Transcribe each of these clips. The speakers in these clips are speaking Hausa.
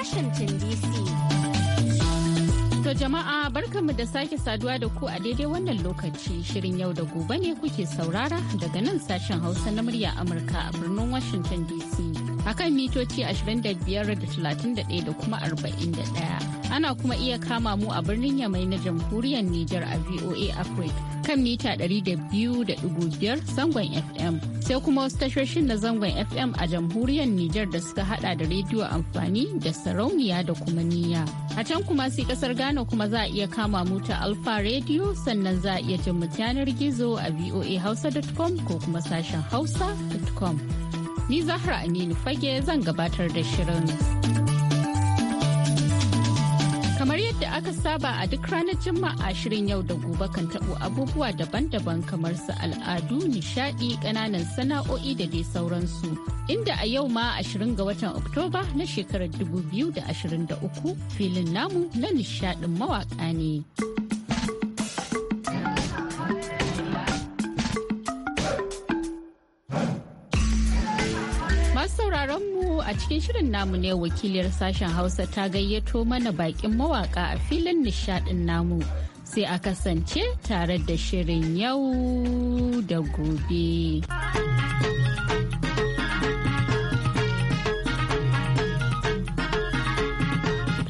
Washington DC. To jama'a barkanmu da sake saduwa da ku a daidai wannan lokaci shirin yau da gobe ne kuke saurara daga nan sashen Hausa na murya Amurka a birnin Washington DC. Akan mitoci 25 da 31 da kuma 41. Ana kuma iya kama mu a birnin Yamai na jamhuriyar Nijar a VOA Africa. kan mita 200.5 zangon FM sai kuma wasu tashoshin na zangon FM a jamhuriyar Nijar da suka hada da rediyo amfani da sarauniya da kuma niya. A can kuma sai kasar Ghana kuma za a iya kama muta Alfa Radio sannan za a iya jin mu yanar gizo a voahausa.com ko kuma sashen hausa.com. Ni Zahra Aminu Fage zan gabatar da shirin. aka saba a duk ranar Juma'a shirin yau da gobe kan tabo abubuwa daban-daban kamar su al'adu, nishadi, kananan sana'o'i da dai sauransu. Inda a yau ma 20 ga watan Oktoba na shekarar 2023 filin namu na nishadin mawaka ne. a cikin shirin namu ne wakiliyar sashen Hausa ta gayyato mana bakin mawaka a filin nishadin namu. Sai a kasance tare da shirin yau da gobe.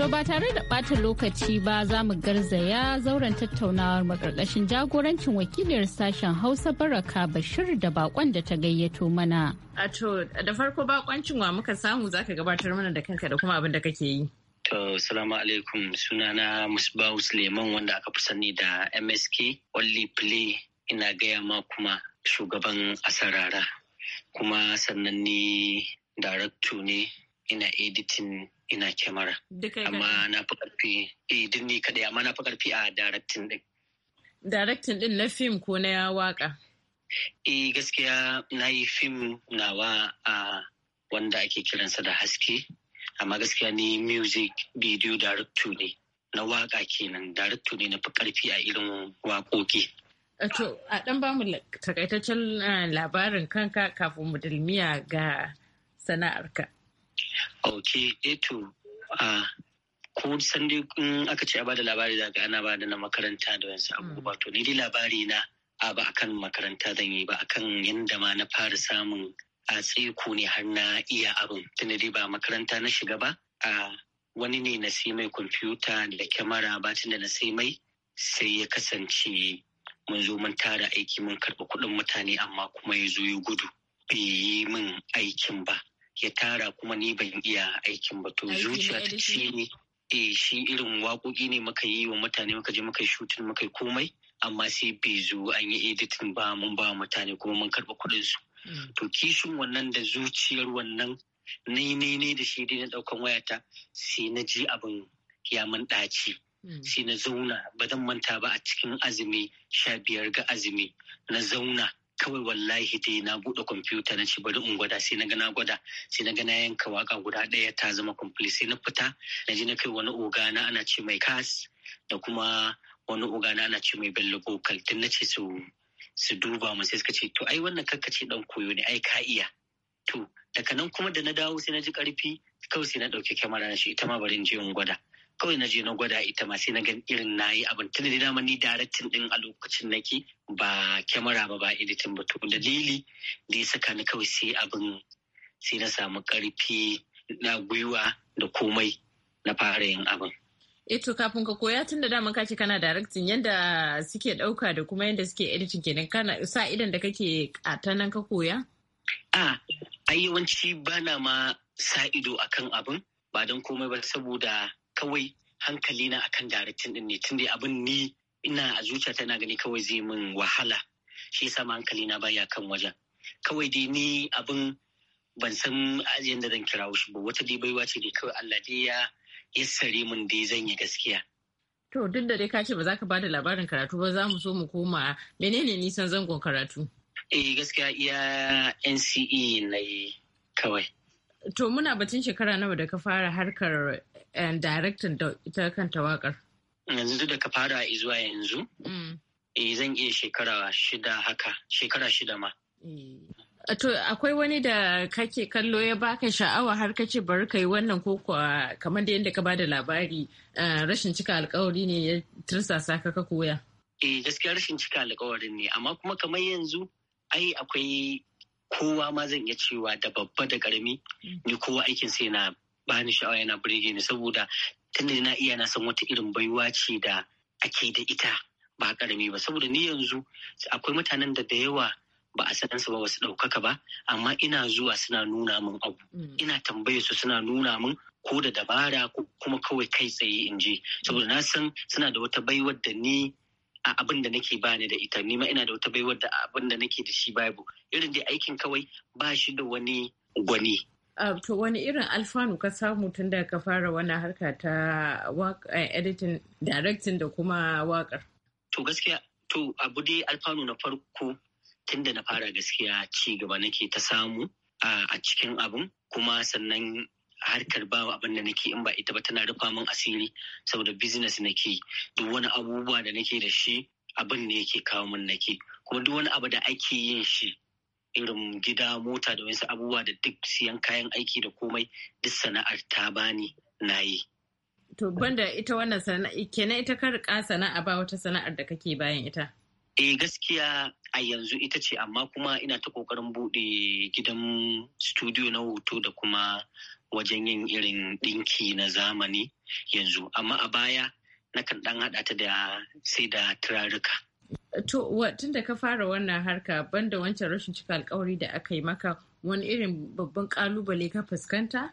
To ba tare da ɓata lokaci ba za mu garzaya zauren tattaunawar makarkashin jagorancin wakiliyar sashen Hausa Baraka Bashir da bakon da ta gayyato mana. A to da farko bakoncin wa muka samu za ka gabatar mana da kanka da kuma abin da kake yi. To salamu alaikum sunana Musbahu Suleiman wanda aka fi sani da MSK Only Play ina gaya ma kuma shugaban asarara kuma sannan ni darakto ne ina editin, ina kyamara. Amma na fi karfi edin eh, ni kaɗai, amma na fi karfi a directing ɗin. Directing ɗin na fim ko na ya waka? Eh gaskiya na yi fim nawa a wanda ake kiransa da haske. Amma gaskiya ni music video director ne. Na waka kenan director ne na fi karfi a irin waƙoƙi. To, a ɗan ba mu takaitaccen eh, labarin kanka kafin mu dalmiya ga sana'arka. ok eto eh a ko dai in aka ce a bada labari za ga ana bada na makaranta da wasu hmm. abubuwa to ni dai labari na a ba akan makaranta zan yi ba akan yadda ma na fara samun a tsiku ne har na iya abin tunda dai ba makaranta na shiga ba a wani ne na sai mai kwamfuta da kyamara ba da na sai mai sai ya kasance mun zo mun tara aiki mun karɓi kuɗin mutane amma kuma ya zo ya gudu bai yi min aikin ba ya tara kuma ni ban iya aikin ba to zuciya ta ce ni eh shi irin waƙoƙi ne muka yi wa mutane muka je muka yi shooting muka komai amma sai bai zo an yi editing ba mun ba mutane kuma mun karba kuɗin su hmm. to kishin wannan da zuciyar wannan ne ne ne da shi dai na ɗaukan wayata sai na ji abin ya mun ɗaci hmm. sai na zauna ba zan manta ba a cikin azumi sha biyar ga azumi na zauna kawai wallahi dai na buɗe kwamfuta na ce bari in gwada sai na gana gwada sai na gana yanka waka guda ɗaya ta zama complete sai na fita na ji na kai wani ogana ana ce mai kas da kuma wani ogana ana ce mai bello vocal tun na ce su su duba mu sai suka ce to ai wannan ce dan koyo ne ai ka iya to daga nan kuma da na dawo sai na ji karfi kawai sai na ɗauki kyamara na shi ita ma bari in je in gwada kawai na je na gwada ita ma sai na gan irin na yi abin tun da dama ni daraktin din a lokacin nake ba kyamara ba ba editin ba to dalili da ya saka ni kawai sai abin sai na samu karfi na gwiwa da komai na fara yin abin. Eto eh kafin ka koya tun da dama ka ce kana directing yanda suke dauka da kuma yanda suke editing kenan kana sa idan da kake ta nan ka koya? A ayyawanci yawanci bana ma sa ido akan abin ba don komai ba saboda kawai hankali na akan daraktin din ne tunda abin ni ina a zuciya tana gani kawai zai min wahala shi yasa ma hankali na baya kan wajen kawai dai ni abin ban san yadda zan kira shi ba wata dai baiwa ce dai kawai Allah dai ya yassare min dai zan yi gaskiya to duk da dai ka ce ba za ka bada labarin karatu ba za mu so mu koma menene nisan zangon karatu eh gaskiya iya NCE na kawai to muna batun shekara nawa da ka fara harkar directing da ita kanta wakar? Yanzu da ka fara izuwa yanzu? Mm. Eh zan iya shekara shida haka, shekara shida ma. Eh. To akwai wani da kake kallo ya baka sha'awa har kace bari kai wannan ko kamar da yadda ka ba da labari eh, rashin cika alkawari ne ya tirsasa ka ka koya. Eh gaskiya rashin cika alkawarin ne amma kuma kamar yanzu ai akwai kowa ma zan iya cewa da babba da karami mm. ni kowa aikin sai na bani sha'awa yana burge ni saboda tunda na iya na san wata irin baiwa ce da ake da ita ba karami ba saboda ni yanzu akwai mutanen da da yawa ba a san su ba wasu ɗaukaka ba amma ina zuwa suna nuna min abu mm. ina tambaye su suna nuna min ko da dabara ko kuma kawai kai tsaye in je saboda na san suna da wata baiwar da ni a abin da nake bani da ita ni ma ina da wata baiwar da abin da nake da shi babu irin dai aikin kawai ba shi da wani gwani Uh, to wani irin alfanu ka samu tun da ka fara wani harka ta eh, editing directing da kuma wakar to gaskiya to abu dai alfanu na farko tun da na fara gaskiya ci gaba nake ta samu a cikin abun kuma sannan harkar ba abin da nake in ba ita ba tana rufa min asiri saboda business nake duk wani abubuwa da nake da shi abin ne yake kawo min nake kuma duk wani abu da ake yin shi irin gida mota da wasu abubuwa da duk siyan kayan aiki da komai duk sana'ar ta bani na yi. To banda ita wannan sana'a kenan ita ka sana'a ba wata sana'ar da kake bayan ita? Eh gaskiya a yanzu ita ce amma kuma ina ta kokarin buɗe gidan studio na hoto da kuma wajen yin irin ɗinki na zamani yanzu amma a baya nakan ɗan hada ta da sai da turaruka. To, tun ka fara wannan harka banda wancan rashin cika alkawari da aka yi maka wani irin babban kalubale ka fuskanta?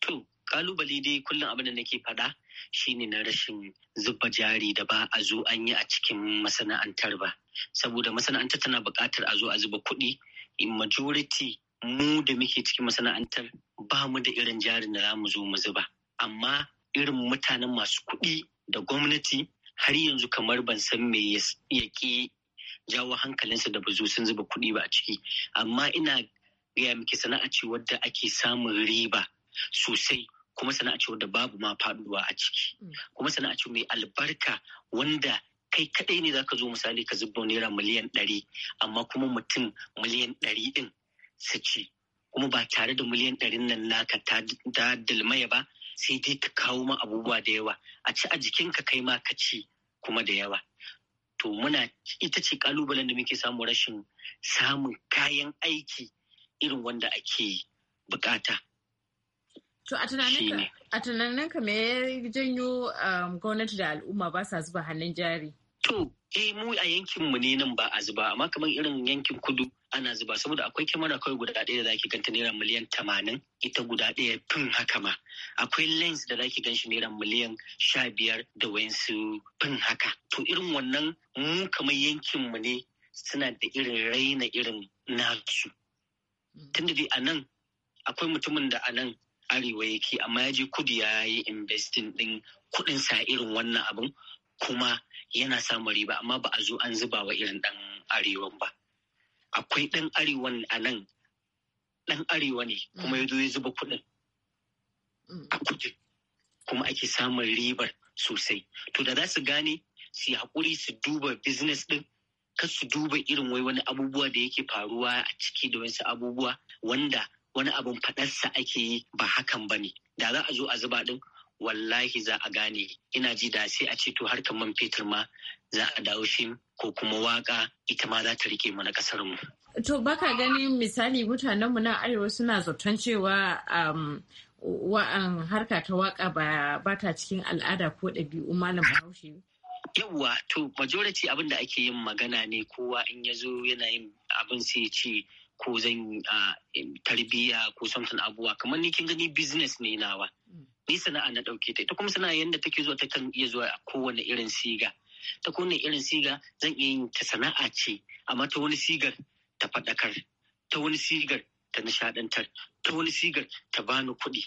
To, kalubale dai kullum abin da nake faɗa shine na rashin zuba jari da ba a zo an yi a cikin masana'antar ba. Saboda masana'antar tana buƙatar a zo a zuba kuɗi in majority mu da muke cikin masana'antar ba mu da irin jarin da za mu zo mu zuba. Amma irin mutanen masu kuɗi da gwamnati har yanzu kamar ban san me ya ke jawo hankalinsa da bazo sun zuba kuɗi ba a ciki amma ina gaya miki sana'a ce wadda ake samun riba sosai kuma sana'a ce wadda babu ma faduwa a ciki mm. kuma sana'a ce mai albarka wanda kai kadai ne zaka zo misali ka zuba naira miliyan ɗari amma kuma mutum miliyan ɗari ɗin su ci kuma ba tare da miliyan ɗarin nan naka ta dalmaya ba sai dai ka kawo ma abubuwa da yawa a ci a jikinka kai ma ka ci kuma da yawa to muna ita ce kalubalen da muke samu rashin samun kayan aiki irin wanda ake bukata To a tunaninka me ya janyo um, gwamnati da al'umma ba sa zuba hannun jari? To eh mu a yankin mu ne nan ba a zuba amma kamar irin yankin kudu ana zuba saboda akwai kyamara kawai guda ɗaya da zaki ganta naira miliyan tamanin ita guda ɗaya fin haka ma akwai lens da zaki gan shi naira miliyan sha biyar da wayansu fin haka to irin wannan mu kamar yankin mu ne suna da irin raina irin nasu mm. tunda dai a nan akwai mutumin da a nan arewa yake amma ya je kudu ya yi investing din kuɗin sa irin wannan abin kuma yana samun riba amma ba a zo an zuba wa irin dan arewan ba akwai dan arewan a nan dan arewa ne kuma ya zo ya zuba kuɗin mm. a kuma ake samun ribar sosai to da za su gane su yi haƙuri su duba business din, kar su duba irin wai wani abubuwa da yake faruwa a ciki da wasu abubuwa wanda wani abin faɗarsa ake yi ba hakan ba ne da za a zo a zuba din. wallahi za a gane ina ji da sai a ce to harkar man fetur ma za a dawo shi ko kuma waka ita ma za ta rike mana kasar mu to baka ganin misali mutanen mu na arewa suna zaton cewa um, wa'an um, harka ta waka ba, ba ta cikin al'ada ko ɗabi'u malam bahaushe yawwa to majority abin da ake yin magana ne kowa in ya zo yana yin abin sai ce ko zan ah, tarbiyya ko something abuwa kamar ni kin gani business ne nawa ni sana'a na ɗauke ta ita kuma sana'a yadda take zuwa ta kan iya zuwa a kowane irin siga ta kowane irin siga zan iya yin ta sana'a ce amma ta wani sigar ta faɗakar ta wani sigar ta nishaɗantar ta wani sigar ta bani kuɗi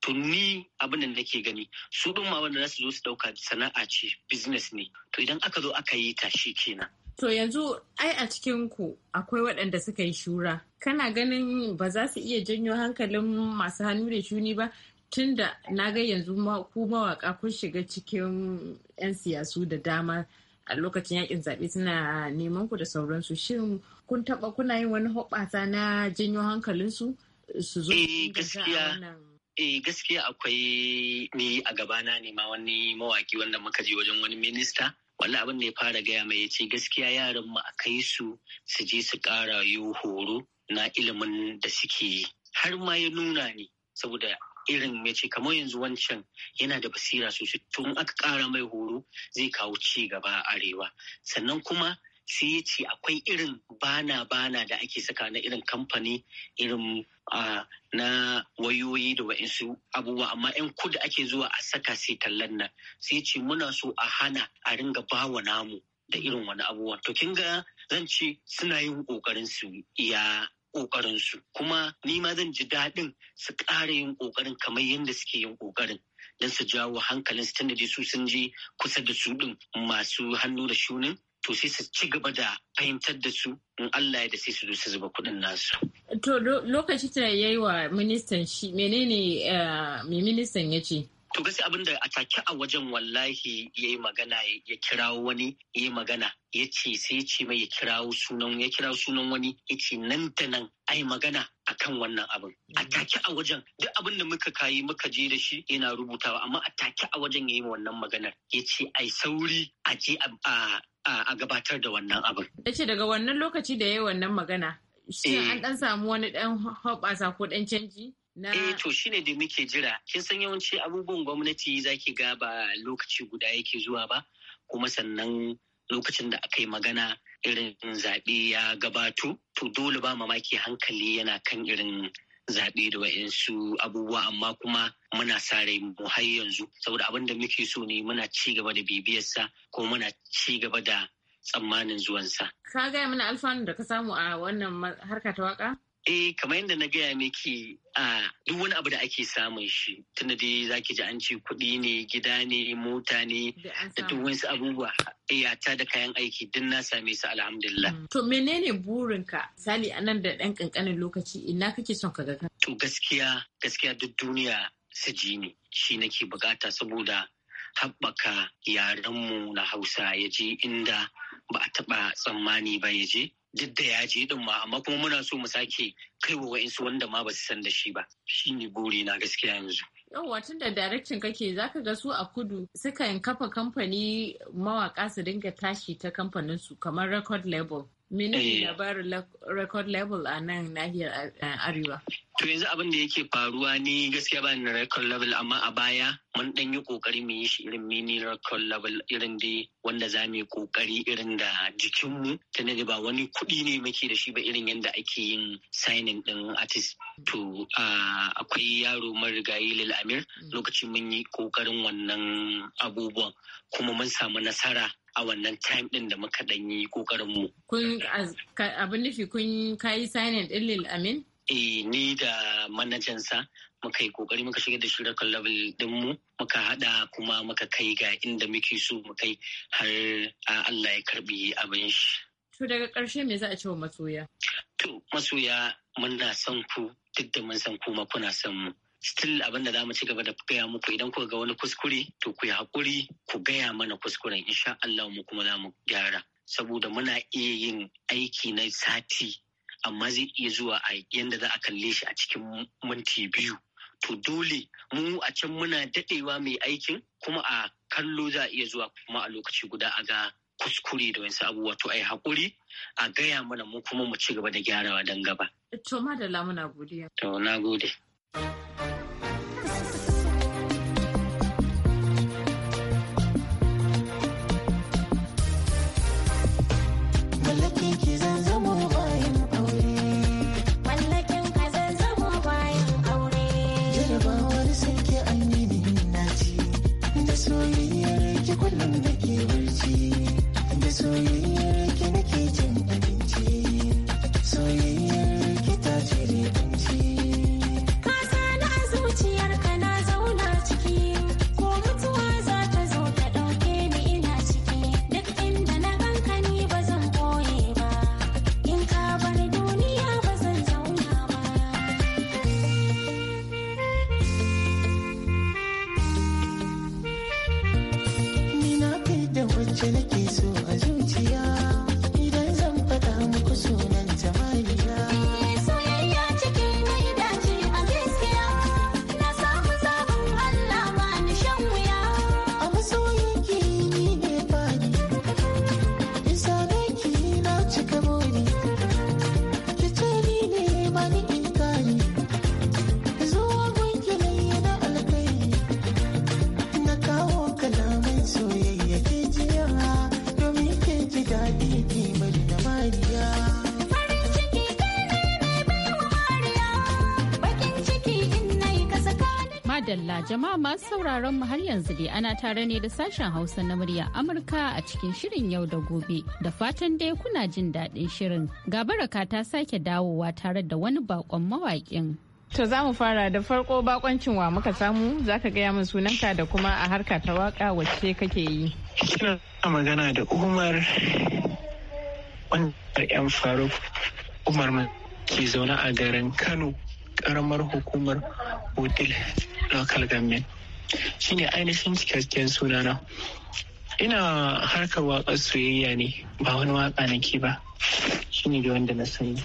to ni abin da nake gani su ɗin ma wanda za su zo su ɗauka sana'a ce business ne to idan aka zo aka yi ta shi kenan To yanzu ai a cikin ku akwai waɗanda suka yi shura. Kana ganin ba za su iya janyo hankalin masu hannu da shuni ba tun da na ga yanzu ku mawaka kun shiga cikin 'yan siyasu da dama a lokacin yakin zaɓe suna neman ku da sauransu shin kun taɓa kuna yin wani hoɓasa na janyo hankalinsu su zo eh, eh gaskiya akwai ni a gabana ne ma wani mawaki wanda muka je wajen wani minista wani abin da ya fara gaya mai ya ce gaskiya yaran mu a kai su su je su ƙara yi horo na ilimin da suke yi har ma ya nuna ni saboda irin ya ce kamar yanzu wancan yana da basira sosai tun aka ƙara mai horo zai kawo ci gaba a arewa sannan kuma sai ya ce akwai irin bana-bana da ake saka na irin kamfani irin na wayoyi da wa'insu abubuwa amma 'yan kudu ake zuwa a saka sai tallan nan sai ce muna so a hana a ringa bawa namu da irin wani abubuwa to kin ga zan ce suna yin kokarin su iya ƙoƙarin su kuma ni ma zan ji daɗin su ƙara yin kokarin kamar yadda suke yin kokarin don su jawo hankalin su tunda su sun je kusa da su ɗin masu hannu da shunin to sai su ci gaba da fahimtar da su in Allah ya da sai su zo su zuba kuɗin nasu. To lokaci ta ya wa ministan shi menene eh, mai ministan ya ce? to gasi abin da a take a wajen wallahi ya yi magana ya kirawo wani ya yi magana ya ce sai ce mai ya kirawo sunan ya kirawo sunan wani ya ce nan da nan yi magana a kan wannan abin a mm. take a wajen duk abin da muka kayi muka je da shi yana rubutawa amma a take a wajen ya yi wannan maganar ya ce yi sauri a je a gabatar da wannan abin. Ya ce daga wannan lokaci da ya yi wannan magana. Shin an eh. ɗan samu wani ɗan hoɓasa ko dan canji? Na... Eh to shine da muke jira. Kin san yawanci abubuwan gwamnati zaki ga ba lokaci guda yake zuwa ba kuma sannan lokacin da aka yi magana irin zaɓe ya gabato to dole ba mamaki hankali yana kan irin zaɓe da wa'insu abubuwa amma kuma muna sa rai mu har yanzu saboda abin da muke so ne muna ci gaba da bibiyarsa ko muna ci gaba da tsammanin zuwansa. Ka gaya mana alfanu da ka samu a wannan harka ta waka? Eh kamar yadda na gaya miki a duk wani abu da ake samun shi tunda zaki ji an ce kuɗi ne gida ne mota ne da duk wani abubuwa iyata eh, da kayan aiki duk na same su alhamdulillah. Mm. To menene burinka a anan da ɗan ƙanƙanin lokaci ina kake son ka ga To gaskiya gaskiya duk duniya su ji ne shi nake bukata saboda haɓaka yarenmu na Hausa ya je inda ba a taɓa tsammani ba ya je duk da ya je din ma amma kuma muna so mu sake kaiwa wa'insu wanda ma ba su san da shi ba shi ne buri na gaskiya yanzu yawwa tun da direction kake zaka ga su a kudu sukan kafa kamfani mawaƙa su dinga tashi ta kamfanin su kamar record label mini eh. labarin record level a nan nahiyar Arewa? To yanzu abin da yake faruwa ne gaskiya ba na record level amma a baya mun dan yi kokari mu yi shi irin mini record level irin da wanda za mu yi kokari irin da jikinmu ta da ba wani kuɗi ne muke da shi ba irin yadda ake yin signing din artist. To akwai yaro marigayi Lil Amir mm. lokacin mun yi kokarin wannan abubuwan kuma mun samu nasara a wannan time din da muka yi kokarin mu. Kun abin nufi kun kai signing ɗin Lil Amin? Eh ni da manajansa muka yi kokari muka shiga da shirakan level mu muka hada kuma muka kai ga inda muke so mu kai har Allah ya karbi abin shi. To daga ƙarshe me za a ce wa masoya? To masoya muna son ku duk da mun san kuma kuna son mu. still abin da za mu ci gaba da gaya muku idan kuka ga wani kuskure to ku yi haƙuri ku gaya mana kuskuren insha Allah mu kuma za mu gyara saboda muna iya yin aiki na sati amma zai iya zuwa a yanda za a kalle shi a cikin minti biyu to dole mu a can muna dadewa mai aikin kuma a kallo za a iya zuwa kuma a lokaci guda a ga kuskure da wasu abubuwa to a yi haƙuri a gaya mana mu kuma mu ci gaba da gyarawa don gaba. To madalla muna godiya. To na gode. Ooh. ciniki jama'a masu sauraron mu har yanzu dai ana tare ne da sashen Hausa na murya Amurka a cikin shirin yau da gobe. Da fatan dai kuna jin daɗin shirin. Ga baraka ta sake dawowa tare da wani bakon mawaƙin. To za mu fara da farko bakoncin wa muka samu za ka gaya mun sunanka da kuma a harka ta waka wacce kake yi. Kina magana da Umar wanda 'yan faruk Umar ke zaune a garin Kano karamar hukumar wudil local government shine ainihin cikakken sunana ina harkar wakar soyayya ne ba wani waƙa nake ba shine da wanda na sani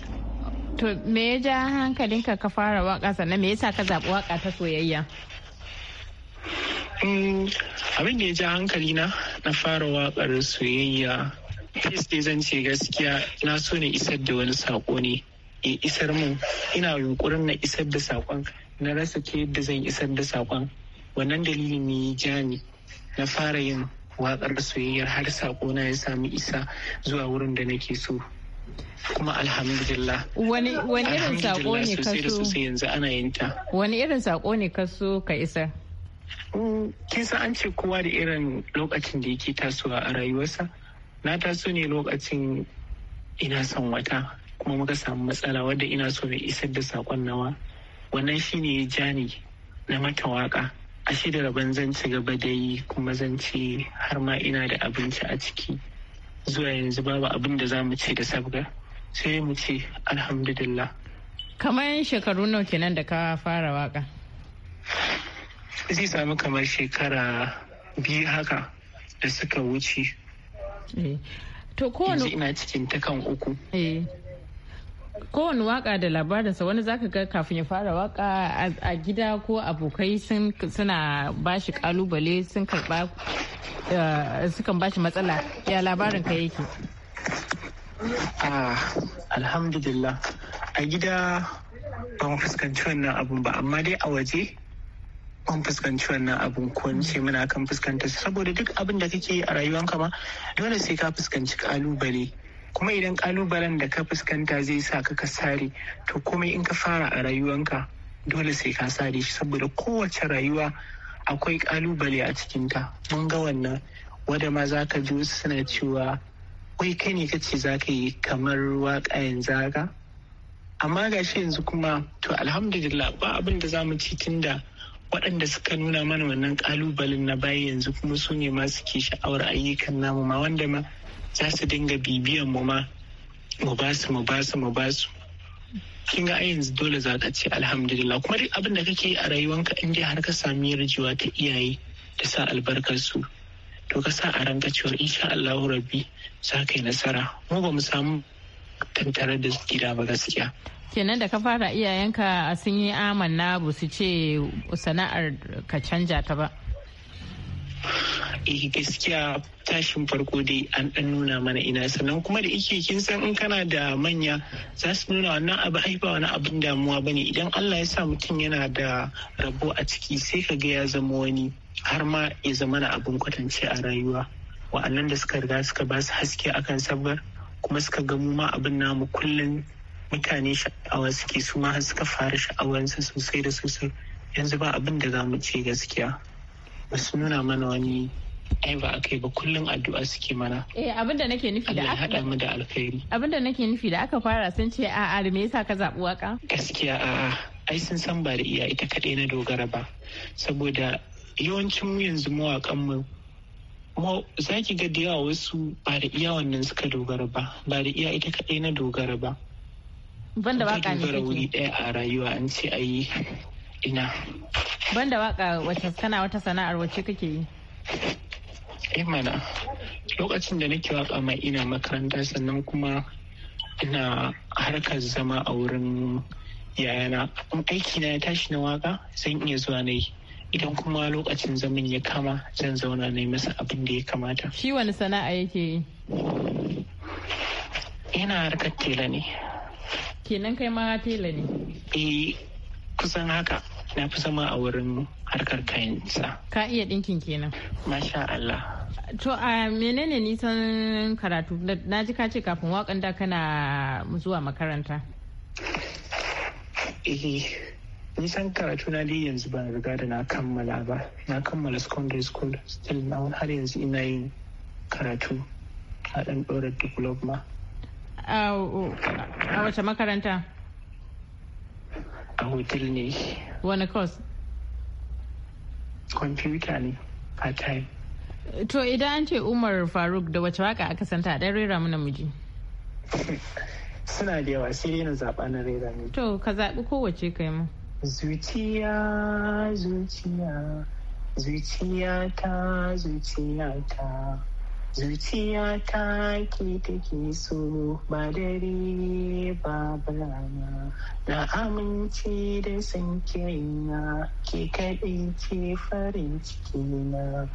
to me ya ja hankalinka ka fara waƙa sannan me yasa ka zaɓi waka ta soyayya hmm, abin da ya ja hankalina na fara wakar soyayya fes ne zan ce gaskiya na so ne isar da wani saƙo ne isar mun ina yunkurin na isar da saƙon na rasa ta yadda zan isar da saƙon wannan dalilin ne ja ni na fara yin waƙar soyayyar har saƙo na ya sami isa zuwa wurin da nake so kuma alhamdulillah wani irin saƙo ne ka so yanzu ana yin ta wani irin saƙo ne ka so ka mm, kin san an ce kowa da irin lokacin da yake tasowa a rayuwarsa na taso ne lokacin ina son wata kuma muka samu matsala wadda ina so na isar da saƙon nawa wannan shi ne jani na mata waka shi da rabon zan ci gaba da yi kuma zan ce har ma ina da abinci a ciki zuwa yanzu babu abin da za mu ce da sabga sai mu ce alhamdulillah kamar shekaru nawa kenan da ka fara waka zai samu kamar shekara biyu haka da suka wuce eh. to kowane ina cikin takan uku eh. kowane waka da labarinsa wani zaka ga kafin ya fara waka a gida ko abokai suna bashi kalubale sun karba eh, sukan bashi matsala ya labarin ka yake ah, alhamdulillah a gida ban fuskanci wannan abun ba amma dai a waje ban fuskanci wannan abun ko ce muna kan fuskanta saboda duk abin da kake a rayuwanka ma dole sai ka fuskanci kalubale kuma idan kalubalen da ka fuskanta zai sa ka ka sare to komai in ka fara a rayuwanka dole sai ka sare shi saboda kowace rayuwa akwai kalubale a cikinta mun ga wannan wadda ma za ka ji wasu suna cewa wai kai ne kace za ka yi kamar waka yanzu haka amma ga shi yanzu kuma to alhamdulillah ba abin da za mu ci tunda waɗanda suka nuna mana wannan kalubalen na baya yanzu kuma su ne ma suke sha'awar ayyukan namu ma wanda ma za su dinga bibiyan mu ma mu ba su mu ba su mu ba su kin ga yanzu dole za ka ce alhamdulillah kuma duk abin da kake a rayuwanka in dai har ka sami yarjewa ta iyaye da sa albarkar su to ka sa a ranka cewa insha Allahu rabbi za ka yi nasara mu ba mu samu tantare da gida ba gaskiya kenan da ka fara iyayenka sun yi amanna ba su ce sana'ar ka canja ta ba eh gaskiya tashin farko dai an dan nuna mana ina sannan kuma da ike kin san in kana da manya za su nuna wannan abu haifa wani abin damuwa bane idan Allah ya sa mutum yana da rabo a ciki sai ka ga ya zama wani har ma ya zama na abin kwatance a rayuwa wa'annan da suka riga suka ba su haske akan sabbar kuma suka ga mu ma abin namu kullum mutane sha'awa suke su ma suka fara sha'awarsa sosai da sosai yanzu ba abin da za mu ce gaskiya ba su nuna mana wani ai ba a kai ba kullum addu'a suke mana eh abinda nake nufi da aka haɗa mu da alkhairi abinda nake nufi da aka fara sun ce a'a da me yasa ka zaɓi waka gaskiya a'a ai sun san ba da iya ita kaɗai na dogara ba saboda yawancin mu yanzu mawaƙan mu za ki ga da yawa wasu ba da iya wannan suka dogara ba ba da iya ita kaɗai na dogara ba banda waka ne kake wuri ɗaya a rayuwa an ce yi ina banda waka wacce kana wata sana'ar wacce kake yi Eh mana lokacin da nake waka mai ina makaranta sannan kuma ina harkar zama a wurin yayana in aiki na ya tashi na waka zan iya zuwa na yi idan kuma lokacin zaman ya kama zan zauna na yi masa abin da ya kamata. Shi wani sana'a yake yi? Yana harkar tela ne. Kenan kai ma tela ne? Eh kusan haka. na fi zama a wurin harkar kayansa sa. Ka iya ɗinkin kenan. Masha Allah. To a menene nisan karatu? Na ji ka ce kafin waƙan da kana zuwa makaranta. Eh, nisan karatu na dai yanzu ban riga da na kammala ba. Na kammala secondary school still na har yanzu ina yin karatu a ɗan ɗorar diploma. A wace makaranta? A hotel ne. wani kos? kwamfuta ne part time to idan an ce umar faruk da wace waka aka santa dan rera mana miji suna da yawa sai dai na zaɓa na rera miji to ka zaɓi kowace kai mu zuciya zuciya zuciya ta zuciya ta zuciya ta ke take so ba dare ba bana na amince da san kirina ke kaɗai ce farin cikina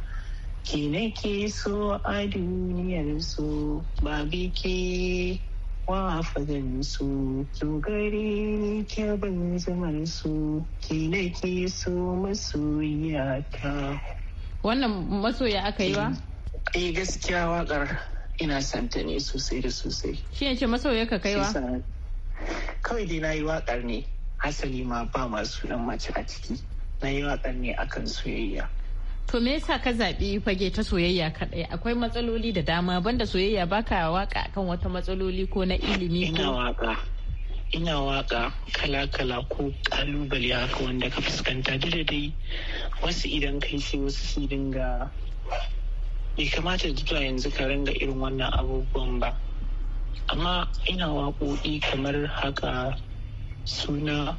ke nake so a duniyar so ba bike wa fadan su to ke ban zaman su ke nake so ta wannan masoya aka yi ba eh. eh gaskiya wakar ina santa ne sosai da sosai shi ne ce masoya ka kaiwa kawai dai na yi wakar ne asali ma ba masu nan mace a ciki na yi wakar ne akan soyayya to me yasa ka zaɓi fage ta soyayya kaɗai akwai matsaloli da dama banda soyayya baka waka akan wata matsaloli ko na ilimi ina waka ina waka kala-kala ko kalubale haka wanda ka fuskanta da dai wasu idan kai sai wasu su dinga bai kamata zuwa yanzu ka ringa irin wannan abubuwan ba amma ina waƙoƙi kamar haka suna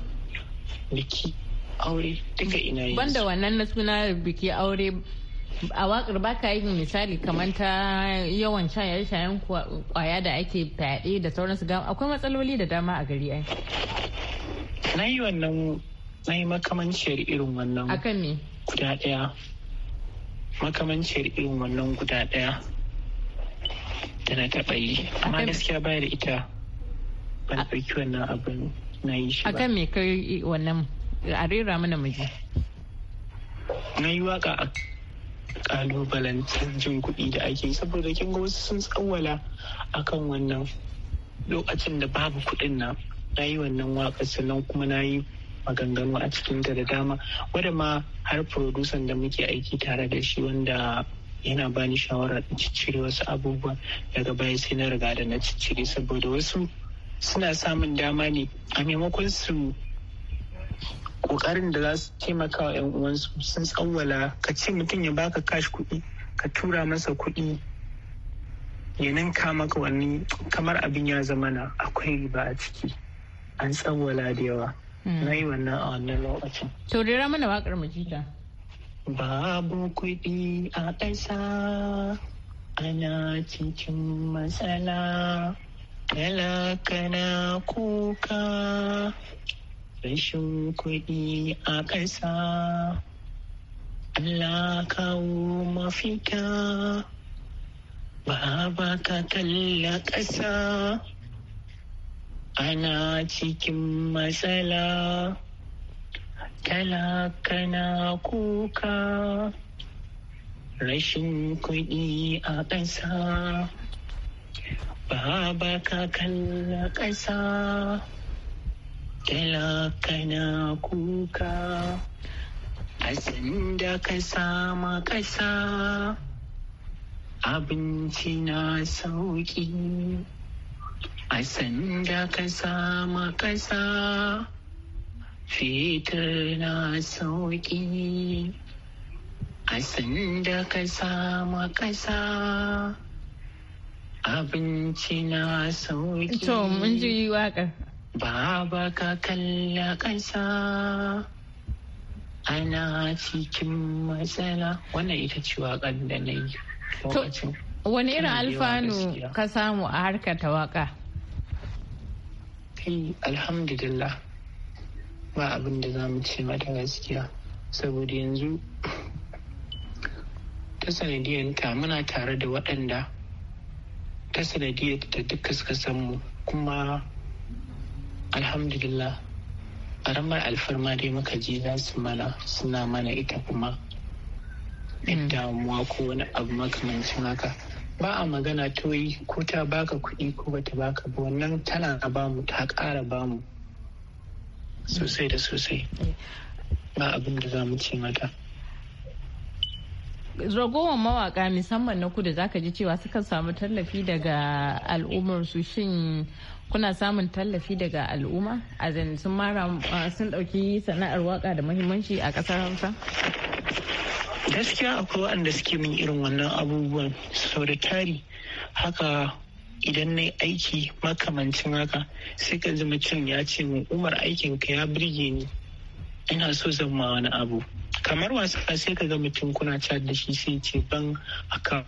biki aure duka ina yi banda wannan na suna biki aure a wakar baka yin misali kamar ta yawan shayar shayen kwaya da ake fyaɗe da sauransu ga akwai matsaloli da dama a gari ai na yi wannan na yi makamanciyar irin wannan akan me guda ɗaya makamanciyar irin wannan guda ɗaya da na taɓa yi amma gaskiya baya da ita ban ɗauki wannan abin na yi shi ba akan me kai wannan a rera mana muje na yi waka a kalubalantar jin kuɗi da ake yi saboda kin ga wasu sun tsawwala akan wannan lokacin da babu kuɗin na na yi wannan waka sannan kuma na yi maganganu a cikin da dama wadda ma har producer da muke aiki tare da shi wanda yana bani shawarar ciccire wasu abubuwa daga baya sai na riga da na ciccire saboda wasu suna samun dama ne a maimakon su kokarin da za su taimaka wa 'yan uwansu sun tsawwala ka ce mutum ya baka kash kuɗi ka tura masa kuɗi ya ninka maka wani kamar abin ya zama na akwai riba a ciki an tsawwala da yawa Hmm. na yi wannan a wannan lokacin. To rera mana waƙar mu Babu kuɗi a ƙasa ana cikin matsala talakana na kuka rashin kuɗi a ƙasa. Allah kawo mafita ba ba ka kalla ƙasa. ana cikin matsala talaka na kuka rashin kuɗi a ƙasa baba ka kalla ƙasa talakana na kuka asin da ka sama ƙasa abinci na sauƙi a sanda ka sama ƙasa fitar na sauƙi a sanda ka sama ƙasa abinci na sauƙi to mun ji baba ka kalla ƙasa ana cikin matsala wannan ita ce waƙar da na yi wani irin alfanu ka samu a harkar ta waƙa? kai alhamdulillah ba abin da za mu ce mata gaskiya saboda yanzu ta sanadiyanta muna tare da waɗanda ta sanadiyar da duka suka san mu kuma alhamdulillah ƙaramar alfarma dai muka je za su mana suna mana ita kuma in damuwa ko wani abu makamancin haka ba a magana toyi ko ta baka kuɗi ko bata baka ba wannan tana bamu ta ƙara bamu sosai da sosai ba abin da za mu ce mata ragowar mawaka musamman na kudu zaka ji cewa suka samu tallafi daga al'ummar su shin kuna samun tallafi daga al'umma a sun mara sun dauki sana'ar waka da muhimmanci a kasar hausa gaskiya akwai waɗanda suke min irin wannan abubuwan sau da tari haka idan na aiki makamancin haka sai ka zama cin ya ce min umar aikin ka ya birge ni ina so zan ma wani abu kamar wasa sai ka ga mutum kuna cad da shi sai ce ban haka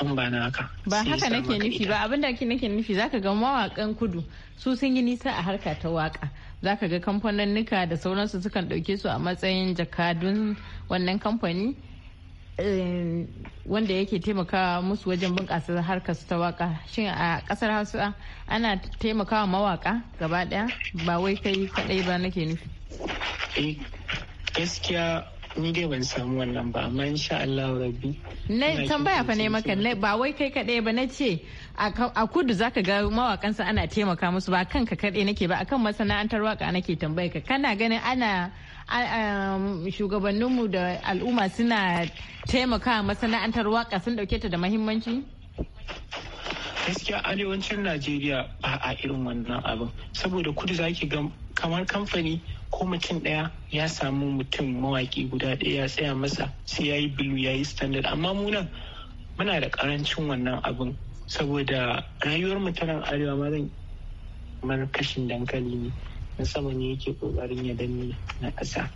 an ba na haka. Ba haka nake nufi ba abin nake nufi zaka ga mawakan kudu su sun yi nisa a harka ta waka za ka ga nika da sauransu sukan ɗauke su a matsayin jakadun wannan kamfani eh, wanda yake taimakawa musu wajen bunƙasa harkar su ta waka shin a ƙasar hausa ana taimakawa mawaka gaba ɗaya ba wai kai kaɗai ba nake nufi eh, gaskiya ni dai ban samu wannan ba amma insha Allah rabbi na tambaya fa ne maka ba wai kai kaɗai ba na ce a kudu zaka ga mawakansa ana taimaka musu ba kanka kaɗai nake ba akan masana'antar waka nake tambayar ka kana ganin ana um, shugabanninmu da al'umma suna taimaka masana'antar waka sun dauke ta da mahimmanci? gaskiya arewacin najeriya ba a irin wannan abin saboda kudu zaki ga kamar kamfani ko mutum ɗaya ya samu mutum mawaƙi guda ɗaya ya tsaya masa sai ya yi bilu ya yi standard amma munan muna da karancin wannan abin saboda rayuwar mu arewa ma zan kamar kashin dankali ne na sama ne yake ƙoƙarin ya danne na ƙasa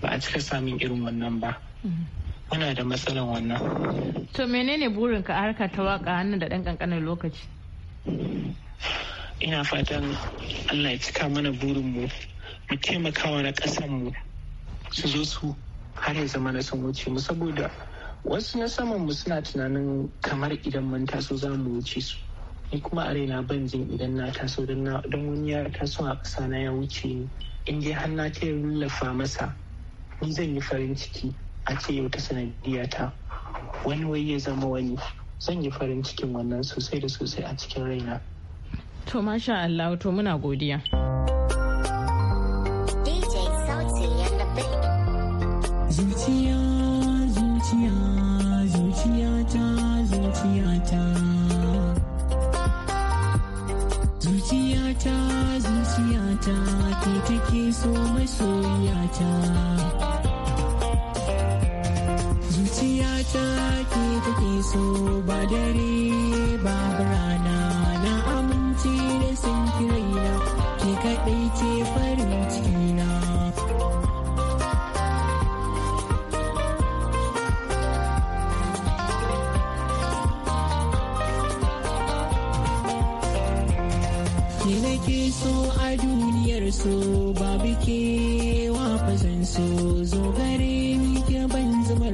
ba a cika samun irin wannan ba muna da matsalan wannan to menene burinka a harkar ta waka hannun da ɗan ƙanƙanin lokaci ina fatan allah ya cika mana burinmu mu taimakawa na ƙasanmu su zo su har ya zama na sun wuce mu saboda wasu na samanmu suna tunanin kamar idan mun taso za mu wuce su ni kuma a raina ban jin idan na taso don wani ya taso a ƙasa na ya wuce ni in dai har na ta rullafa masa ni zan yi farin ciki a ce yau ta sanadiyata wani wai ya zama wani zan yi farin cikin wannan sosai da sosai a cikin raina To masha Allah to muna godiya. Zuciya zuciya zuciya ta zuciya ta Zuciya ta zuciya ta ke take so masoyiya Zuciyata ke ta ke so ba dare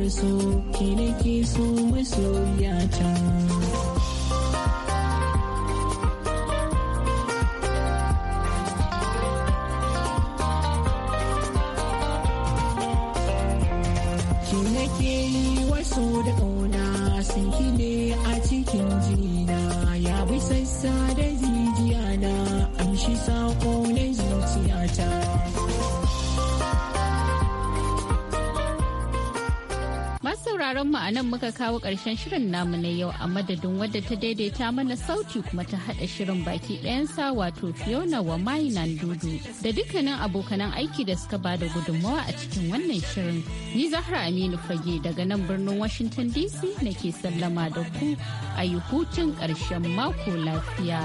so ki nake so masoyata sauraron mu a muka kawo ƙarshen shirin namu na yau a madadin wadda ta daidaita mana sauti kuma ta haɗa shirin baki ɗayansa wato Fiona wa nan dudu da dukkanin abokanan aiki da suka bada gudunmawa a cikin wannan shirin. Ni Zahra Aminu Fage daga nan birnin Washington DC nake sallama da ku a yi hutun ƙarshen mako lafiya.